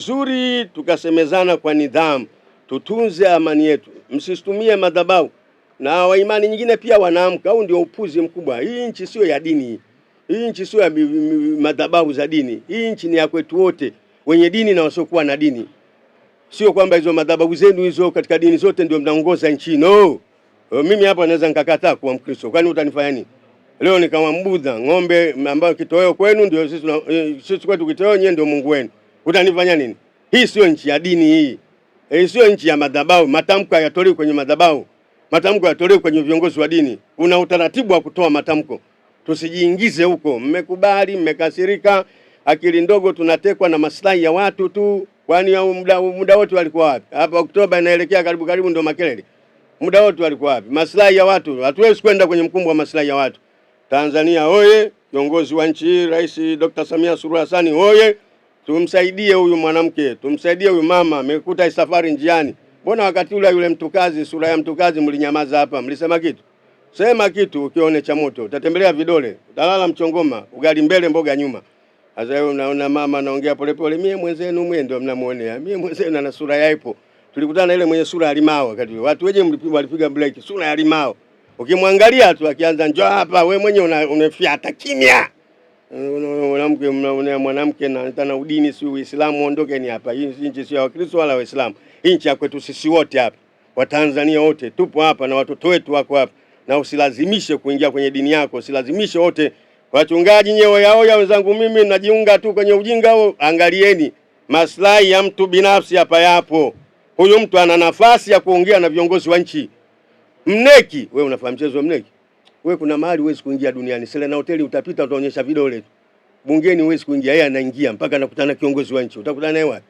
zuri, tukasemezana kwa nidhamu, tutunze amani yetu, msistumie madhabahu na waimani nyingine pia wanaamka. Au ndio upuzi mkubwa. Hii nchi sio ya dini, hii nchi sio ya madhabahu za dini. Hii nchi ni ya kwetu wote, wenye dini na wasiokuwa na dini. Sio kwamba hizo madhabahu zenu hizo katika dini zote ndio mnaongoza nchi. No, eh, mimi hapa naweza nikakataa kuwa Mkristo, kwani utanifanya nini? Leo nikawa Mbudha, ng'ombe ambayo kitoweo kwenu ndio sisi, eh, sisi kwetu kitoweo, nyewe ndio Mungu wenu utanifanya nini? Hii siyo nchi ya dini hii. Hii siyo nchi ya madhabahu. Matamko hayatolewi kwenye madhabahu, matamko hayatolewi kwenye viongozi wa dini. Kuna utaratibu wa kutoa matamko, tusijiingize huko. Mmekubali, mmekasirika, akili ndogo, tunatekwa na maslahi ya watu tu. Kwani muda muda wote walikuwa wapi? Hapa Oktoba inaelekea karibu karibu, ndio makelele. Muda wote walikuwa wapi? Maslahi ya watu, hatuwezi kwenda kwenye mkumbo wa maslahi ya watu. Tanzania oye! Kiongozi wa nchi Rais Dr. Samia Suluhu Hassan oye! tumsaidie huyu mwanamke, tumsaidie huyu mama, amekuta safari njiani. Mbona wakati ule yule mtukazi, sura ya mtukazi, mlinyamaza hapa? Mlisema kitu? Sema kitu ukione cha moto, utatembelea vidole, utalala mchongoma, ugali mbele, mboga nyuma. Sasa wewe unaona mama anaongea polepole, mie mwenzenu mwe ndio mnamuonea, mie mwenzenu ana sura yaipo. Tulikutana na ile mwenye sura ya limao wakati watu wenyewe walipiga break, sura ya limao. Ukimwangalia tu akianza njoo hapa, we mwenyewe unafyata kimya. Eh, mwanamke natana udini si Uislamu, ni hapa. Hii nchi si ya Wakristo wala Waislamu, hii nchi ya kwetu sisi wote hapa, Tanzania wote tupo hapa na watoto wetu wako hapa, na usilazimishe kuingia kwenye dini yako, usilazimishe wote. Wachungaji nyewe yao ya wenzangu, mimi najiunga tu kwenye ujinga huo. Angalieni maslahi ya mtu binafsi hapa yapo. Huyu mtu ana nafasi ya kuongea na viongozi wa nchi. Mneki wewe, unafahamu mchezo wa mneki? wewe kuna mahali huwezi kuingia duniani. Sela na hoteli utapita, utaonyesha vidole tu. Bungeni huwezi kuingia, yeye anaingia mpaka anakutana kiongozi wa nchi, utakutana naye wapi?